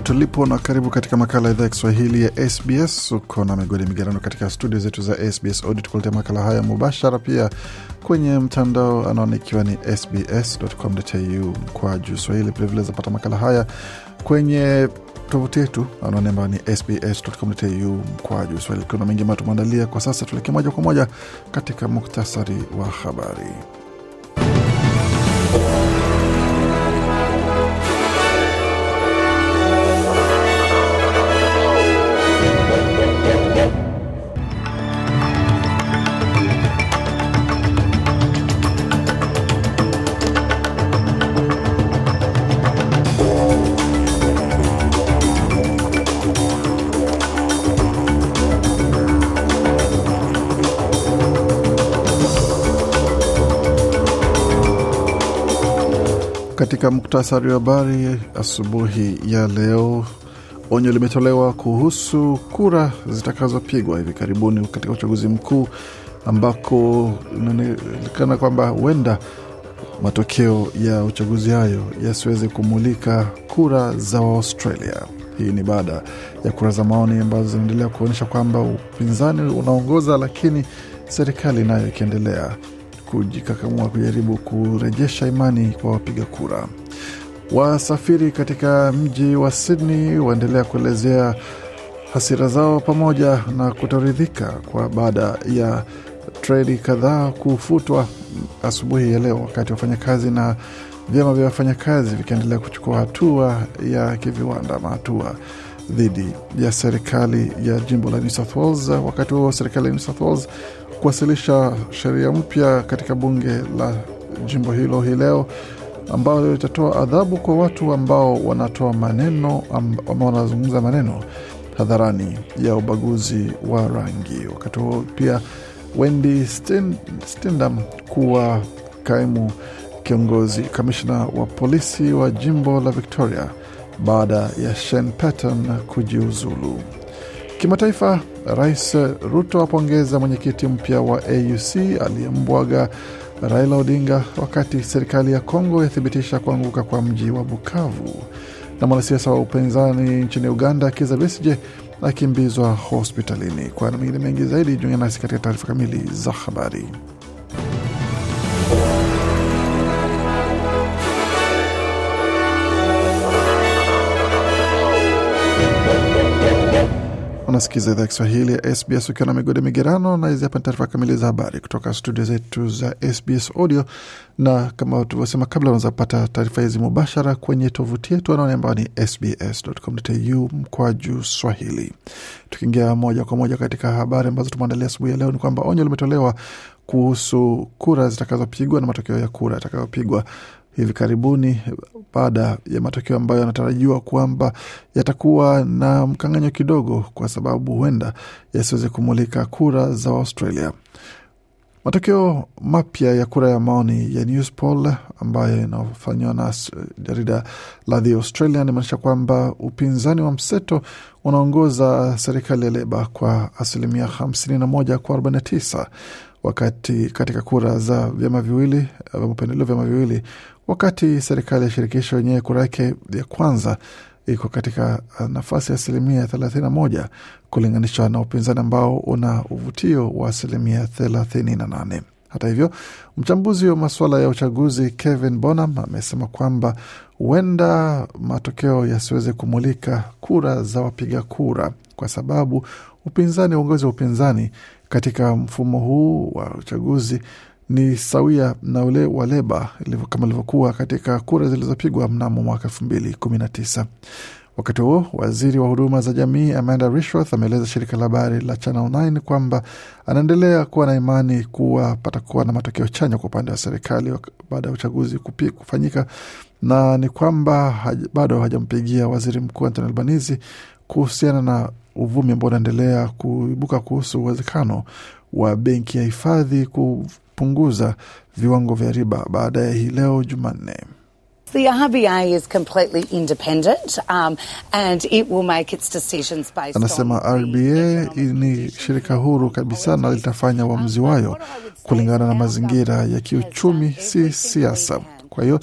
popote ulipo na karibu katika makala ya idhaa ya Kiswahili ya SBS. Uko na migodi migarano katika studio zetu za SBS Audio, tukuletea makala haya mubashara, pia kwenye mtandao anaona ikiwa ni sbs.com.au kwa juu swahili. Vilevile zapata makala haya kwenye tovuti yetu anaone ambayo ni sbs.com.au kwa juu swahili. Kuna mengi ambayo tumeandalia kwa sasa, tuelekee moja kwa moja katika muktasari wa habari. Katika muktasari wa habari asubuhi ya leo, onyo limetolewa kuhusu kura zitakazopigwa hivi karibuni katika uchaguzi mkuu, ambako inaonekana kwamba huenda matokeo ya uchaguzi hayo yasiweze kumulika kura za Waaustralia. Hii ni baada ya kura za maoni ambazo zinaendelea kuonyesha kwamba upinzani unaongoza, lakini serikali nayo ikiendelea kujikakamua kujaribu kurejesha imani kwa wapiga kura. Wasafiri katika mji wa Sydney waendelea kuelezea hasira zao pamoja na kutoridhika kwa baada ya treni kadhaa kufutwa asubuhi ya leo, wakati wafanyakazi na vyama vya wafanyakazi vikiendelea kuchukua hatua ya kiviwanda ama hatua dhidi ya serikali ya jimbo la New South Wales. Wakati huo serikali ya New South Wales kuwasilisha sheria mpya katika bunge la jimbo hilo hii leo ambayo itatoa adhabu kwa watu ambao wanatoa maneno ama wanazungumza maneno hadharani ya ubaguzi wa rangi. Wakati huo pia Wendy Stindam kuwa kaimu kiongozi kamishna wa polisi wa jimbo la Victoria baada ya Shane Patton kujiuzulu. Kimataifa, Rais Ruto apongeza mwenyekiti mpya wa AUC aliyembwaga Raila Odinga, wakati serikali ya Kongo yathibitisha kuanguka kwa mji wa Bukavu, na mwanasiasa wa upinzani nchini Uganda Kizza Besigye akimbizwa hospitalini. Kwa mengine mengi zaidi, jiunge nasi katika taarifa kamili za habari. Unasikiza idhaa Kiswahili ya SBS ukiwa na migode migerano, na hizi hapa ni taarifa kamili za habari kutoka studio zetu za SBS Audio, na kama tulivyosema kabla, unaweza kupata taarifa hizi mubashara kwenye tovuti yetu anaone ambayo ni sbs.com.au juu swahili. Tukiingia moja kwa moja katika habari ambazo tumeandalia asubuhi ya leo, ni kwamba onyo limetolewa kuhusu kura zitakazopigwa na matokeo ya kura yatakayopigwa hivi karibuni baada ya matokeo ambayo yanatarajiwa kwamba yatakuwa na mkanganyo kidogo, kwa sababu huenda yasiweze kumulika kura za Australia. Matokeo mapya ya kura ya maoni ya News Poll ambayo inafanywa na jarida la The Australian inamaanisha kwamba upinzani wa mseto unaongoza serikali ya Leba kwa asilimia 51 kwa 49, wakati katika kura za vyama viwili eh, vya vyama viwili wakati serikali ya shirikisho yenyewe kura yake ya kwanza iko katika uh, nafasi ya asilimia thelathini na moja kulinganishwa na upinzani ambao una uvutio wa asilimia thelathini na nane. Hata hivyo, mchambuzi wa masuala ya uchaguzi Kevin Bonham amesema kwamba huenda matokeo yasiweze kumulika kura za wapiga kura kwa sababu upinzani, uongozi wa upinzani katika mfumo huu wa uchaguzi ni sawia na ule wa Leba kama ilivyokuwa katika kura zilizopigwa mnamo mwaka elfu mbili kumi na tisa. Wakati huo waziri wa huduma za jamii Amanda Rishworth ameeleza shirika la habari la Channel 9 kwamba anaendelea kuwa na imani kuwa patakuwa na matokeo chanya kwa upande wa serikali baada ya uchaguzi kupi, kufanyika na ni kwamba haj, bado hajampigia waziri mkuu Anthony Albanese kuhusiana na uvumi ambao unaendelea kuibuka kuhusu uwezekano wa benki ya hifadhi kupunguza viwango vya riba baada ya hii leo Jumanne. The RBA is completely independent, um, and it will make its decisions based anasema RBA ni shirika huru kabisa na litafanya uamuzi wayo kulingana na mazingira ya kiuchumi, si siasa. Kwa hiyo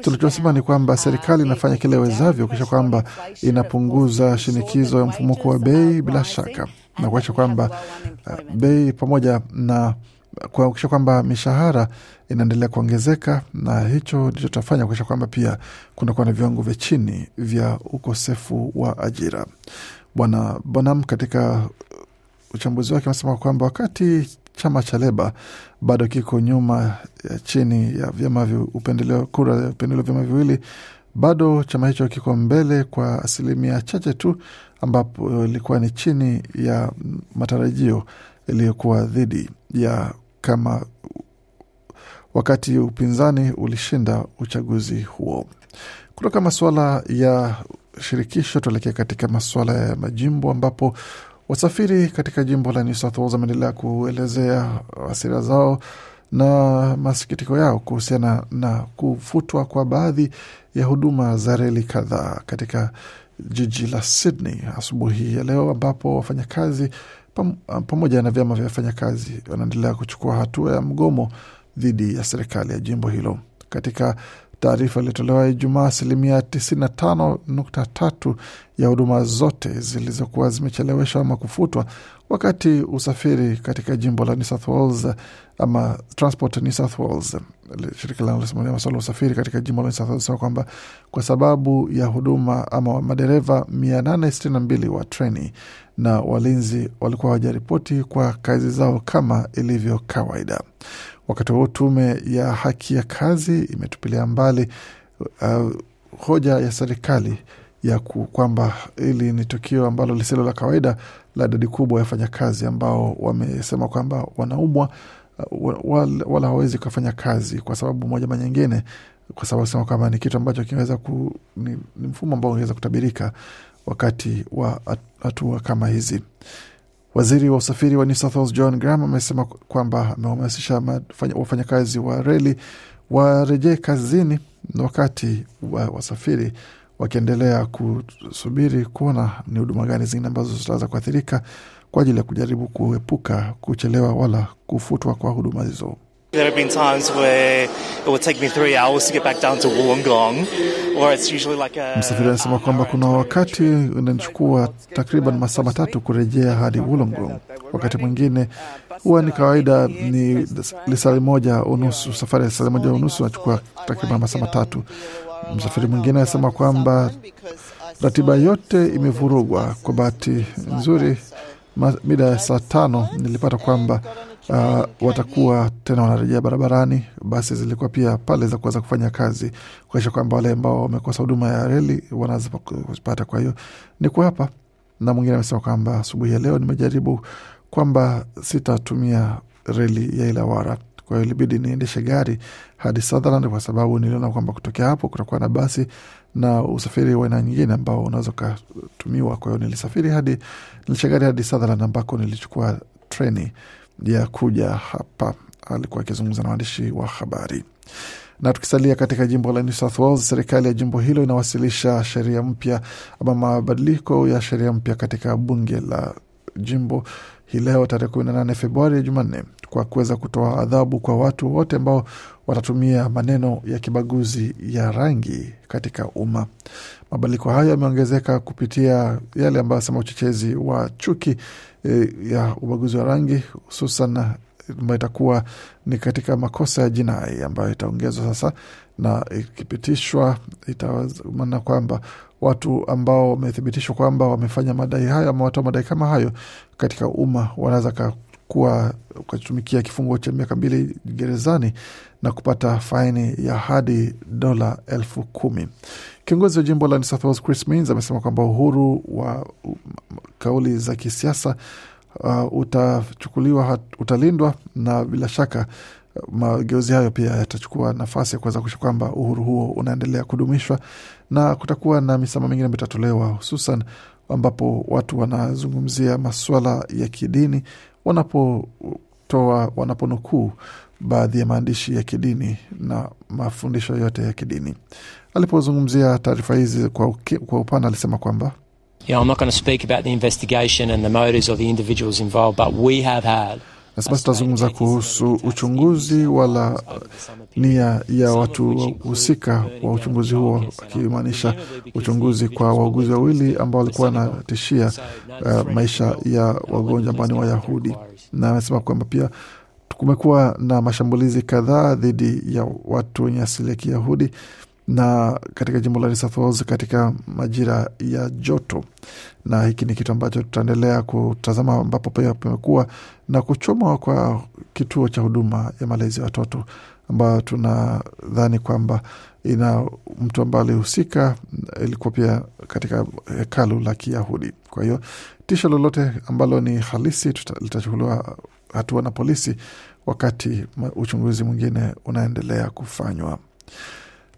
tulichosema ni kwamba serikali inafanya kile wezavyo kisha kwamba inapunguza shinikizo ya mfumuko wa bei bila shaka na kuacha kwamba uh, bei pamoja na kuhakikisha kwamba mishahara inaendelea kuongezeka, na hicho ndicho tutafanya kuhakikisha kwamba pia kunakuwa na viwango vya chini vya ukosefu wa ajira. Bwana Bonam katika uchambuzi wake amesema kwamba wakati chama cha Leba bado kiko nyuma ya chini ya vyama upendeleo, kura ya upendeleo vyama viwili, bado chama hicho kiko mbele kwa asilimia chache tu, ambapo ilikuwa ni chini ya matarajio yaliyokuwa dhidi ya kama wakati upinzani ulishinda uchaguzi huo. Kutoka masuala ya shirikisho, tuelekea katika masuala ya majimbo ambapo wasafiri katika jimbo la New South Wales wameendelea kuelezea hasira zao na masikitiko yao kuhusiana na kufutwa kwa baadhi ya huduma za reli kadhaa katika jiji la Sydney asubuhi ya leo, ambapo wafanyakazi Pam, pamoja na vyama vya wafanyakazi wanaendelea kuchukua hatua ya mgomo dhidi ya serikali ya jimbo hilo. Katika taarifa iliyotolewa Ijumaa, asilimia 95.3 ya huduma zote zilizokuwa zimecheleweshwa ama kufutwa, wakati usafiri katika jimbo la New South Wales ama Transport New South Wales, shirika linalosimamia masuala ya usafiri katika jimbo la New South Wales, kwamba kwa sababu ya huduma ama madereva 862 wa treni na walinzi walikuwa hawajaripoti kwa kazi zao kama ilivyo kawaida. Wakati huo tume ya haki ya kazi imetupilia mbali uh, hoja ya serikali ya kwamba hili ni tukio ambalo lisilo la kawaida la idadi kubwa ya wafanyakazi ambao wamesema kwamba wanaumwa uh, wala hawawezi kufanya kazi kwa sababu moja ama nyingine, kwa sababu sema kwamba ni kitu ambacho kinaweza ku, ni, ni mfumo ambao ungeweza kutabirika wakati wa hatua kama hizi. Waziri wa usafiri wa New South Wales John Graham amesema kwamba amehamasisha wafanyakazi wa reli warejee kazini, wakati wa wasafiri wakiendelea kusubiri kuona ni huduma gani zingine ambazo zitaweza kuathirika kwa ajili ya kujaribu kuepuka kuchelewa wala kufutwa kwa huduma hizo. There have been times where it would take me three hours to get back down to Wollongong, or it's usually like a... Msafiri anasema kwamba kuna wakati unachukua takriban masaa matatu kurejea hadi Wollongong. Wakati mwingine huwa ni kawaida ni lisali moja unusu, safari ya lisali moja unusu nachukua takriban masaa matatu. Msafiri mwingine anasema kwamba ratiba yote imevurugwa. Kwa bahati nzuri, mida ya saa tano nilipata kwamba uh, watakuwa tena wanarejea barabarani. Basi zilikuwa pia pale za kuweza kufanya kazi kuakisha kwamba wale ambao wamekosa huduma ya reli wanaweza kupata. Kwa hiyo ni kwa hapa na mwingine amesema kwamba asubuhi ya leo nimejaribu kwamba sitatumia reli ya Ilawara, kwa hiyo ilibidi niendeshe gari hadi Sutherland kwa sababu niliona kwamba kutokea hapo kutakuwa na basi na usafiri wa aina nyingine ambao unaweza ukatumiwa. Kwa hiyo nilisafiri hadi nilisha gari hadi Sutherland ambako nilichukua treni ya kuja hapa. Alikuwa akizungumza na waandishi wa habari. Na tukisalia katika jimbo la New South Wales, serikali ya jimbo hilo inawasilisha sheria mpya ama mabadiliko ya sheria mpya katika bunge la jimbo hii leo tarehe 18 Februari ya Jumanne, kwa kuweza kutoa adhabu kwa watu wote ambao watatumia maneno ya kibaguzi ya rangi katika umma. Mabadiliko hayo yameongezeka kupitia yale ambayo asema uchochezi wa chuki e, ya ubaguzi wa rangi hususan e, ambayo itakuwa ni katika makosa ya jinai ambayo itaongezwa sasa, na ikipitishwa itamaana kwamba watu ambao wamethibitishwa kwamba wamefanya madai hayo ama watoa madai kama hayo katika umma wanaweza kuwa ukatumikia kifungo cha miaka mbili gerezani na kupata faini ya hadi dola elfu kumi. Kiongozi wa jimbo la New South Wales Chris Minns amesema kwamba uhuru wa kauli za kisiasa uh, utachukuliwa, utalindwa na bila shaka uh, mageuzi hayo pia yatachukua nafasi ya kuweza kuisha kwamba uhuru huo unaendelea kudumishwa na kutakuwa na misamaha mingine ambayo itatolewa, hususan ambapo watu wanazungumzia masuala ya kidini wanapotoa wanaponukuu baadhi ya maandishi ya kidini na mafundisho yote ya kidini. Alipozungumzia taarifa hizi kwa, kwa upana alisema kwamba nasema sitazungumza kuhusu uchunguzi wala nia ya watu husika wa uchunguzi huo, akimaanisha uchunguzi kwa wauguzi wawili ambao walikuwa wanatishia uh, maisha ya wagonjwa ambao ni Wayahudi, na amesema kwamba pia kumekuwa na mashambulizi kadhaa dhidi ya watu wenye asili ya Kiyahudi na katika jimbo la katika majira ya joto, na hiki ni kitu ambacho tutaendelea kutazama, ambapo pia pamekuwa na kuchomwa kwa kituo cha huduma ya malezi ya watoto ambayo tunadhani kwamba ina mtu ambaye alihusika, ilikuwa pia katika hekalu la Kiyahudi. Kwa hiyo tisho lolote ambalo ni halisi litachukuliwa hatua na polisi, wakati uchunguzi mwingine unaendelea kufanywa.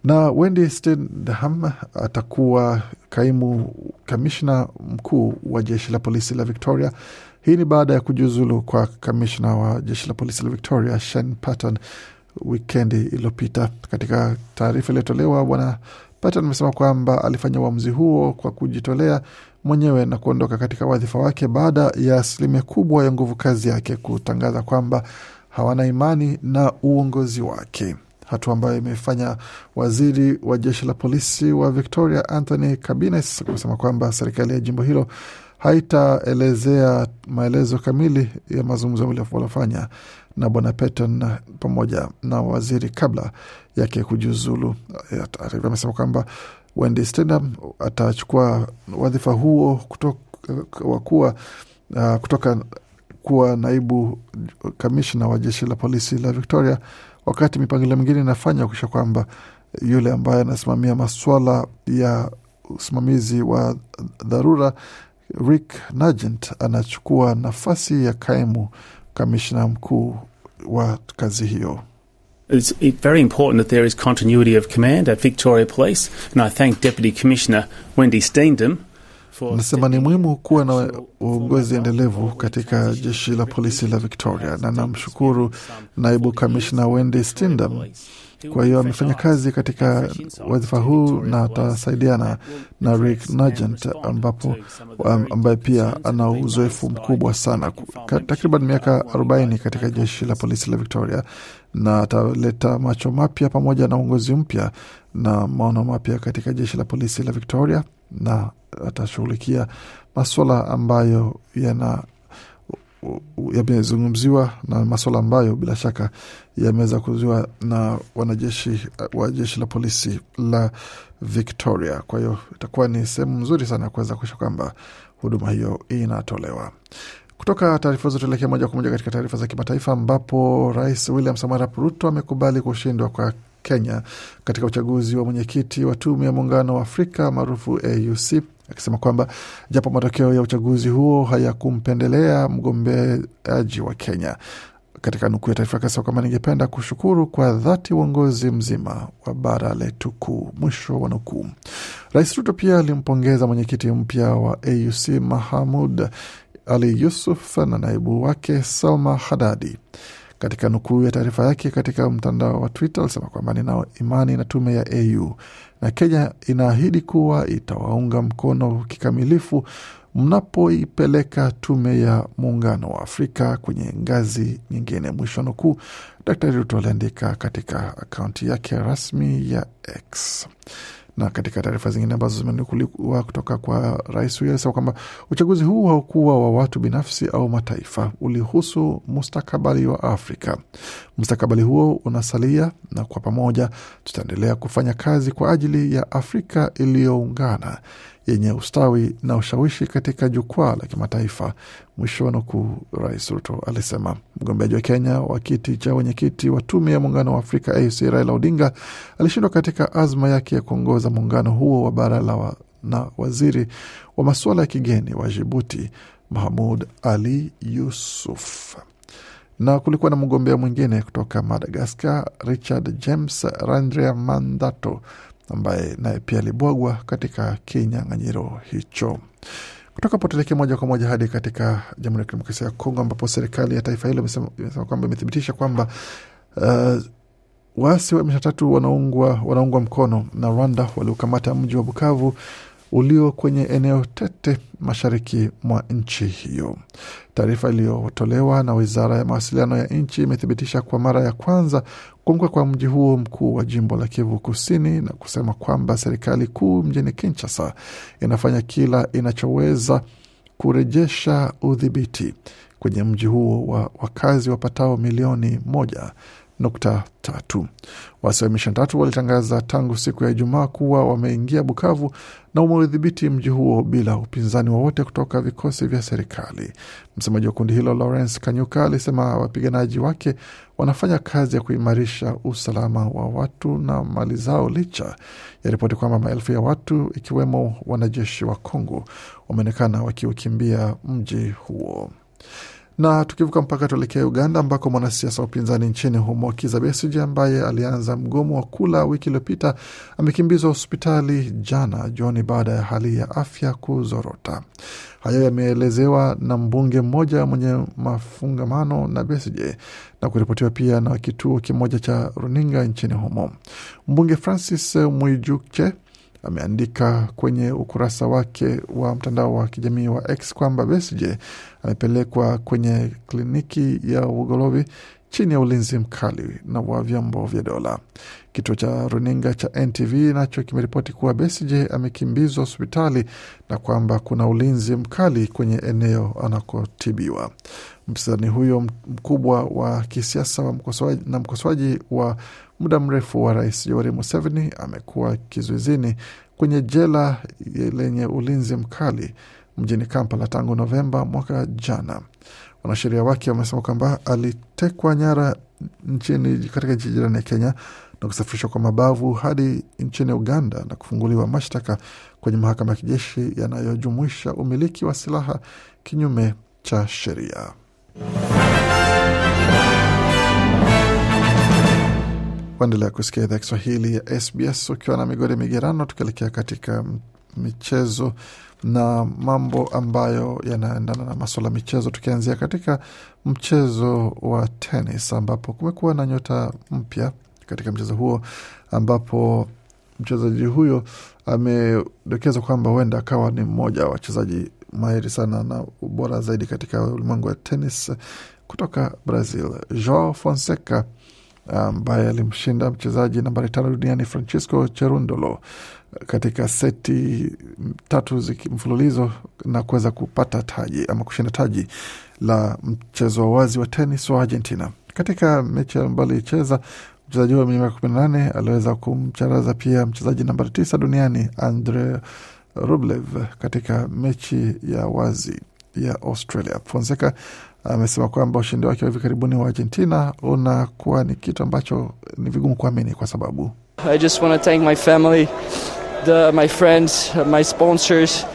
Na Wendy stdham atakuwa kaimu kamishna mkuu wa jeshi la polisi la Victoria. Hii ni baada ya kujiuzulu kwa kamishna wa jeshi la polisi la Victoria Shane Patton wikendi iliyopita. Katika taarifa iliyotolewa, bwana Patton amesema kwamba alifanya uamuzi huo kwa kujitolea mwenyewe na kuondoka katika wadhifa wake baada ya asilimia kubwa ya nguvu kazi yake kutangaza kwamba hawana imani na uongozi wake, hatua ambayo imefanya waziri wa jeshi la polisi wa Victoria Anthony Cabines kusema kwamba serikali ya jimbo hilo haitaelezea maelezo kamili ya mazungumzo waliofanya na bwana Peton pamoja na waziri kabla yake kujiuzulu. Taarifa imesema kwamba Wendy atachukua wadhifa huo kutoka, kuwa, uh, kutoka kuwa naibu kamishna wa jeshi la polisi la Victoria, wakati mipangilio mingine inafanya kuisha kwamba yule ambaye anasimamia maswala ya usimamizi wa dharura Rick Nugent anachukua nafasi ya kaimu kamishna mkuu wa kazi hiyo it's very important that there is continuity of command at Victoria Police, and I thank Deputy Commissioner Wendy Steendam. Nasema ni muhimu kuwa na uongozi endelevu katika jeshi la polisi la Victoria, na namshukuru naibu kamishna Wendy Steendam kwa hiyo amefanya kazi katika wadhifa huu na atasaidiana na Rick Nugent, ambapo ambaye pia ana uzoefu mkubwa sana, takriban miaka 40 katika jeshi la polisi la Victoria, na ataleta macho mapya pamoja na uongozi mpya na maono mapya katika jeshi la polisi la Victoria, na atashughulikia maswala ambayo yana yamezungumziwa na maswala ambayo bila shaka yameweza kuzuiwa na wanajeshi wa jeshi la polisi la Victoria. Kwa hiyo itakuwa ni sehemu nzuri sana ya kuweza kuisha kwamba huduma hiyo inatolewa. Kutoka taarifa hizo tuelekea moja kwa moja katika taarifa za kimataifa, ambapo Rais William samara Ruto amekubali kushindwa kwa Kenya katika uchaguzi wa mwenyekiti wa tume ya muungano wa Afrika maarufu AUC, akisema kwamba japo matokeo ya uchaguzi huo hayakumpendelea mgombeaji wa Kenya, katika nukuu ya taarifa kasema kwamba ningependa kushukuru kwa dhati uongozi mzima wa bara letu kuu, mwisho wa nukuu. Rais Ruto pia alimpongeza mwenyekiti mpya wa AUC Mahamud Ali Yusuf na naibu wake Salma Hadadi. Katika nukuu ya taarifa yake katika mtandao wa Twitter alisema kwamba ninao imani na tume ya AU na Kenya inaahidi kuwa itawaunga mkono kikamilifu mnapoipeleka tume ya muungano wa Afrika kwenye ngazi nyingine, mwisho nukuu. dr Ruto aliandika katika akaunti yake rasmi ya X. Na katika taarifa zingine ambazo zimenukuliwa kutoka kwa rais huyo alisema kwamba uchaguzi huu haukuwa wa watu binafsi au mataifa, ulihusu mustakabali wa Afrika. Mustakabali huo unasalia, na kwa pamoja tutaendelea kufanya kazi kwa ajili ya Afrika iliyoungana yenye ustawi na ushawishi katika jukwaa la kimataifa, mwisho wa nukuu, Rais Ruto alisema. Mgombeaji wa Kenya wa kiti cha wenyekiti wa tume ya muungano wa Afrika AUC Raila Odinga alishindwa katika azma yake ya kuongoza muungano huo wa bara la wa, na waziri wa masuala ya kigeni wa Jibuti Mahamud Ali Yusuf na kulikuwa na mgombea mwingine kutoka Madagaskar, Richard James Randria Mandato ambaye naye pia alibwagwa katika kinyang'anyiro hicho. Kutoka hapo tuelekee moja kwa moja hadi katika Jamhuri ya Kidemokrasia ya Kongo, ambapo serikali ya taifa hilo imesema kwamba imethibitisha kwamba uh, waasi wa M23 wanaungwa, wanaungwa mkono na Rwanda waliokamata mji wa Bukavu ulio kwenye eneo tete mashariki mwa nchi hiyo. Taarifa iliyotolewa na wizara ya mawasiliano ya nchi imethibitisha kwa mara ya kwanza kuanguka kwa mji huo mkuu wa jimbo la Kivu Kusini na kusema kwamba serikali kuu mjini Kinshasa inafanya kila inachoweza kurejesha udhibiti kwenye mji huo wa wakazi wapatao milioni moja nukta tatu. Waasi wa M23 walitangaza tangu siku ya Ijumaa kuwa wameingia Bukavu na umeudhibiti mji huo bila upinzani wowote kutoka vikosi vya serikali. Msemaji wa kundi hilo Lawrence Kanyuka alisema wapiganaji wake wanafanya kazi ya kuimarisha usalama wa watu na mali zao, licha ya ripoti kwamba maelfu ya watu ikiwemo wanajeshi wa Kongo wameonekana wakiukimbia mji huo. Na tukivuka mpaka tuelekea Uganda ambako mwanasiasa wa upinzani nchini humo Kiza Besigye ambaye alianza mgomo wa kula wiki iliyopita amekimbizwa hospitali jana jioni baada ya hali ya afya kuzorota. Hayo yameelezewa na mbunge mmoja mwenye mafungamano na Besigye na kuripotiwa pia na kituo kimoja cha runinga nchini humo. Mbunge Francis mwijuche ameandika kwenye ukurasa wake wa mtandao wa kijamii wa X kwamba Besigye amepelekwa kwenye kliniki ya wugolovi chini ya ulinzi mkali na wa vyombo vya dola. Kituo cha runinga cha NTV nacho kimeripoti kuwa Besigye amekimbizwa hospitali na kwamba kuna ulinzi mkali kwenye eneo anakotibiwa. Mpinzani huyo mkubwa wa kisiasa na mkosoaji wa muda mrefu wa rais Yoweri Museveni amekuwa kizuizini kwenye jela lenye ulinzi mkali mjini Kampala tangu Novemba mwaka jana. Wanasheria wake wamesema kwamba alitekwa nyara nchini katika nchi jirani ya Kenya na kusafirishwa kwa mabavu hadi nchini Uganda na kufunguliwa mashtaka kwenye mahakama ya kijeshi yanayojumuisha umiliki wa silaha kinyume cha sheria. Waendelea kusikia idhaa Kiswahili ya SBS ukiwa na migodi migerano, tukielekea katika michezo na mambo ambayo yanaendana na maswala ya michezo, tukianzia katika mchezo wa tenis ambapo kumekuwa na nyota mpya katika mchezo huo, ambapo mchezaji huyo amedokeza kwamba huenda akawa ni mmoja wa wachezaji mahiri sana na ubora zaidi katika ulimwengu wa tenis kutoka Brazil. Joao Fonseca ambaye alimshinda mchezaji nambari tano duniani Francisco Cherundolo katika seti tatu mfululizo na kuweza kupata taji ama kushinda taji la mchezo wa wazi wa tenis wa Argentina. Katika mechi ambayo alicheza mchezaji huyo mwenye miaka kumi na nane aliweza kumcharaza pia mchezaji nambari tisa duniani Andre Rublev katika mechi ya wazi ya Australia. Fonseca ah, amesema kwamba ushindi wake wa hivi karibuni wa Argentina unakuwa ni kitu ambacho ni vigumu kuamini kwa sababu I just want to thank my family, the, my friends, my sponsors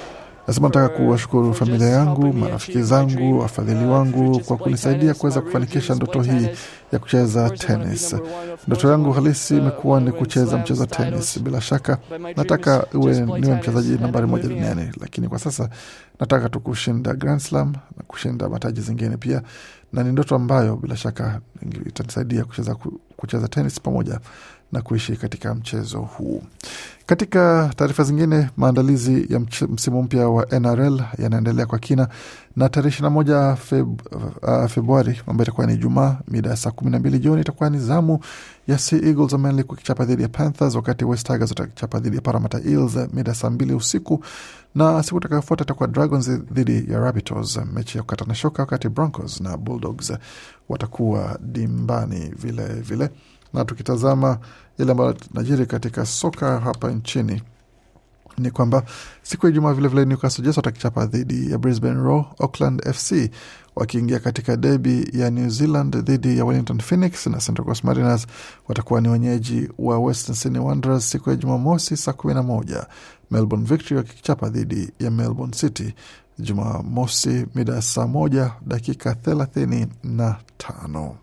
Nasema nataka kuwashukuru familia yangu, marafiki zangu, wafadhili wangu kwa kunisaidia kuweza kufanikisha ndoto hii ya kucheza tenis. Ndoto yangu halisi imekuwa ni kucheza mchezo tenis. Bila shaka nataka uwe niwe mchezaji nambari moja duniani, lakini kwa sasa nataka tu kushinda Grand Slam na kushinda mataji zingine pia, na ni ndoto ambayo bila shaka itanisaidia kucheza kucheza tenis pamoja na kuishi katika mchezo huu. Katika taarifa zingine, maandalizi ya msimu mpya wa NRL yanaendelea kwa kina, na tarehe moja Feb, uh, Februari ambayo itakuwa ni Jumaa mida ya saa mbili jioni itakuwa ni zamu ya Sea Eagles wa Manly kukichapa dhidi ya Panthers, wakati West Tigers watachapa dhidi ya Parramatta Eels mida ya saa mbili usiku na siku itakayofuata itakuwa Dragons dhidi ya Rabbitohs, mechi ya kukatana shoka, wakati Broncos na Bulldogs watakuwa dimbani vilevile vile. Na tukitazama yale ambayo najiri katika soka hapa nchini ni kwamba siku ya Ijumaa vilevile Newcastle Jets watakichapa dhidi ya Brisbane Roar, Auckland FC wakiingia katika debi ya New Zealand dhidi ya Wellington Phoenix na Central Coast Mariners watakuwa ni wenyeji wa Western Sydney Wanderers siku ya Jumamosi saa kumi na moja. Melbourne Victory wakichapa dhidi ya Melbourne City Jumamosi mida saa moja dakika thelathini na tano.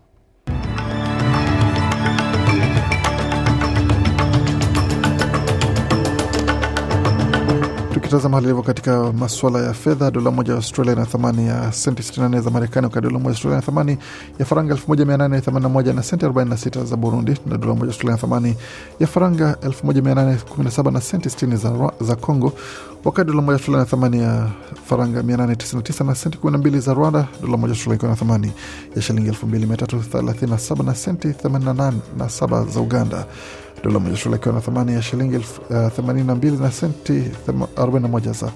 Tukitazama hali ilivyo katika masuala ya fedha, dola moja ya Australia ina thamani ya senti 68 za Marekani, wakati dola moja Australia ina thamani ya faranga 1881 na senti 46 za Burundi, na dola moja Australia ina thamani ya faranga 1817 na senti 60 za, za Congo, wakati dola moja Australia ina thamani ya faranga 899 na senti 12 za Rwanda, dola moja Australia ikiwa na thamani ya shilingi 2337 na senti 87 za Uganda dola moja ikiwa na thamani ya shilingi 82 eh, na senti 41 za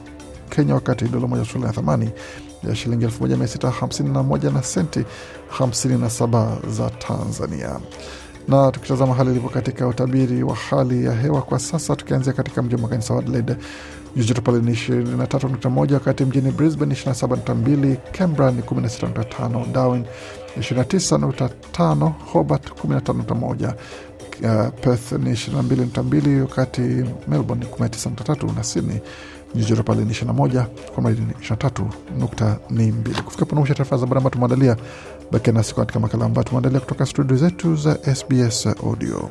Kenya, wakati dola moja suala na thamani ya shilingi 1651 na senti 57 za Tanzania. Na tukitazama hali ilivyo katika utabiri wa hali ya hewa kwa sasa, tukianzia katika mji wa makanisa wa Adelaide, nyuzi joto pale ni 23.1, wakati mjini Brisbane 27.2, Canberra ni 16.5, Darwin 29.5, Hobart 15.1 uh, Perth ni 22 wakati Melbourne ni 19.3 na Sydney jiji joto pale ni 21 kwa ni ni 23.2. Kufika punausha taarifa za habari ambayo tumeandalia, bakia nasi katika makala ambayo tumeandalia kutoka studio zetu za SBS Audio.